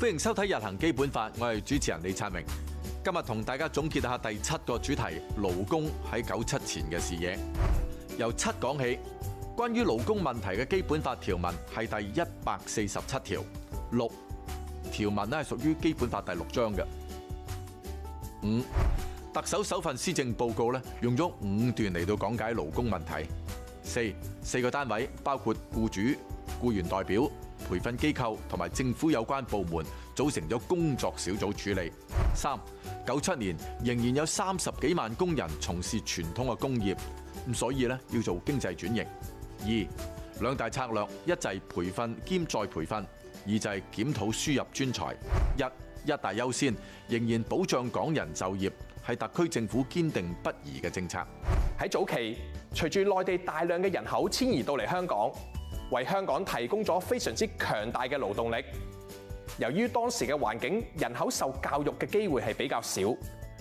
歡迎收睇《日行基本法》，我係主持人李燦明。今日同大家總結一下第七個主題：勞工喺九七前嘅視野。由七講起，關於勞工問題嘅基本法條文係第一百四十七條。六條文咧係屬於基本法第六章嘅。五特首首份施政報告咧用咗五段嚟到講解勞工問題。四四個單位包括僱主、僱員代表。培訓機構同埋政府有關部門組成咗工作小組處理。三九七年仍然有三十幾萬工人從事傳統嘅工業，咁所以咧要做經濟轉型。二兩大策略，一就係培訓兼再培訓，二就係檢討輸入專才。一一大優先，仍然保障港人就業，係特區政府堅定不移嘅政策。喺早期，隨住內地大量嘅人口遷移到嚟香港。為香港提供咗非常之強大嘅勞動力。由於當時嘅環境，人口受教育嘅機會係比較少，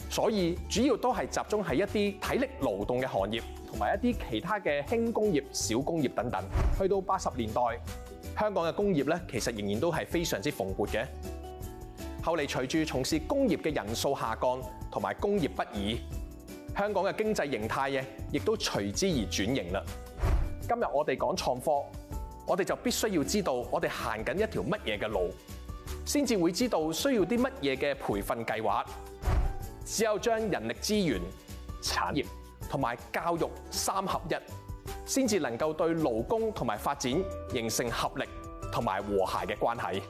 所以主要都係集中喺一啲體力勞動嘅行業，同埋一啲其他嘅輕工業、小工業等等。去到八十年代，香港嘅工業咧，其實仍然都係非常之蓬勃嘅。後嚟隨住從事工業嘅人數下降，同埋工業北移，香港嘅經濟形態嘅亦都隨之而轉型啦。今日我哋講創科。我哋就必須要知道我哋行緊一條乜嘢嘅路，先至會知道需要啲乜嘢嘅培訓計劃。只有將人力資源、產業同埋教育三合一，先至能夠對勞工同埋發展形成合力同埋和諧嘅關係。